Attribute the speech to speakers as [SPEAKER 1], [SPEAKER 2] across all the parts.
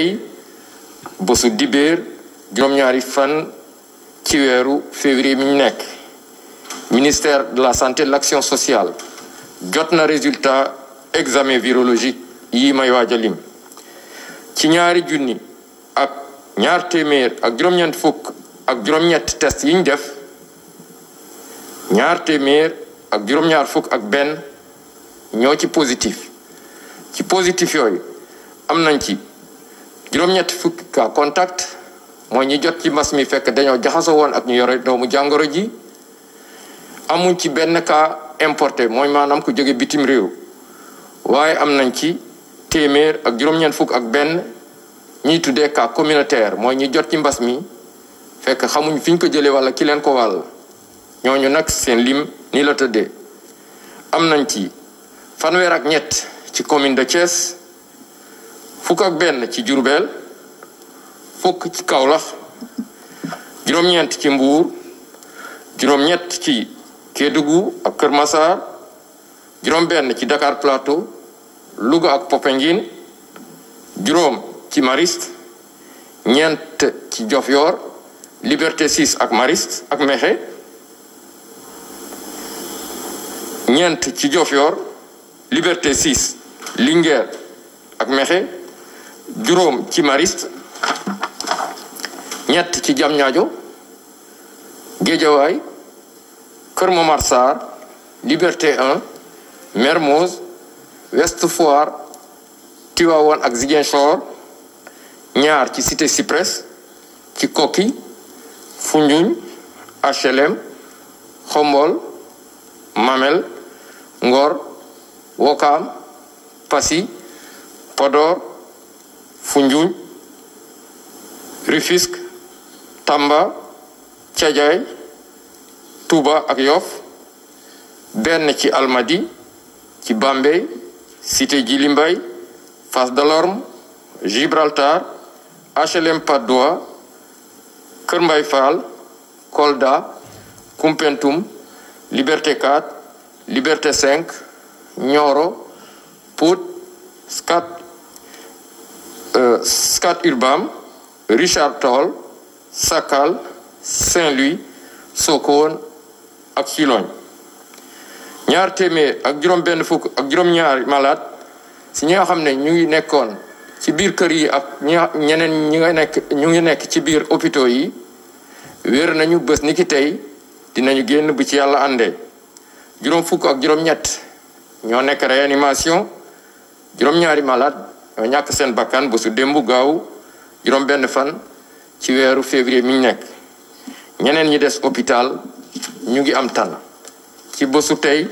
[SPEAKER 1] tey bésu dibéer juróom-ñaari fan ci weeru février mi nekk ministère de la santé de l'action sociale jot na résultat examen birologique yii may waaj a lim ci ñaari junni ak ñaar téeméer ak juróom ñett test yi ñu def ñaar téeméer ak fukk ak benn ñoo ci positif ci positif yooyu am nañ ci juróom-ñetti fukki cas contact mooy ñi jot ci mbas mi fekk dañoo jaxasoo woon ak ñu yore doomu jàngoro ji amuñ ci benn ka importé mooy maanaam ko jóge bitim réew waaye am nañ ci téeméer ak juróom-ñeent fukk ak benn ñiy tuddee ka communautaire mooy ñi jot ci mbas mi fekk xamuñ fi ko jëlee walla ki leen ko wàll ñooñu nag seen lim ni la tëddee am nañ ci fanweer ak ñett ci commune de Thiès. fukk ak benn ci Jurbel fukk ci Kaolack juróom-ñeent ci Mbuur juróom-ñett ci Kédougou ak Kër juróom-benn ci Dakar Plateau Louga ak Popenguine juróom ci Mariste ñeent ci Diofior Liberté 6 ak Mariste ak Mékhé ñeent ci Diofior Liberté 6 Linguère ak Mékhé juróom ci mariste ñett ci Diamniadio Guédiawaye Kër Liberté 1 Mermoz Ouest Foire Tivaouane ak Ziguinchor ñaar ci Cité Cyprès ci Koki Foundiougne HLM Khombol Mamel Ngor Wokam Passy Podor Foundiougne Rufisque Tamba Thiadiaye tuba ak Yoff benn ci Almadi ci Bambey Cité Djily Mbaye Fass Delorme Gibraltar HLM Patte d'Oie Kër Mbaye Fall Kolda Koumpentoum Liberté 4 Liberté 5 Nioro Pout Scat Scat Urbam Richard Toll Sakal Saint-Louis Sokone ak Silogne ñaar téeméer ak juróom benn fukk ak juróom ñaari malade si ñi nga xam ne ñu ngi nekkoon ci biir kër yi ak ñi ñeneen ñi nga nekk ñu ngi nekk ci biir hôpitaux yi wéer nañu bës ni ki tey dinañu génn bu ci yàlla àndee juróom fukk ak juróom ñett ñoo nekk réanimation juróom ñaari malade ñoo ñàkk seen bakkan ba su démb gaaw juróom benn fan ci weeru février miñ nekk ñeneen ñi des hôpital ñu ngi am tan ci bësu tey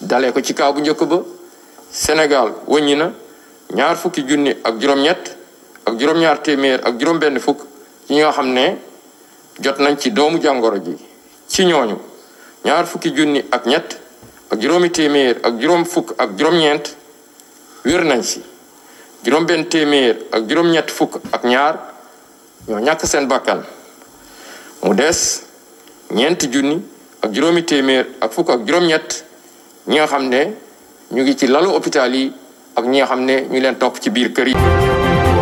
[SPEAKER 1] dalee ko ci kaw bu njëkk ba senegal wëññi na ñaar fukki junni ak juróom ak juróom benn fukk ci nga xam ne jot nañ ci doomu jàngoro ji ci ñooñu ñaar fukki junni ak ñett ak juróomi téeméer ak juróom fukk ak juróom-ñeent wér nañ ci juróom benn téeméer ak juróom-ñett fukk ak ñaar ñoo ñàkk seen bakkan mu des ñeent junni ak juróomi téeméer ak fukk ak juróom-ñett ñi xam ne ñu ngi ci lalu hôpital yi ak ñi nga xam ne ñu leen topp ci biir kër yi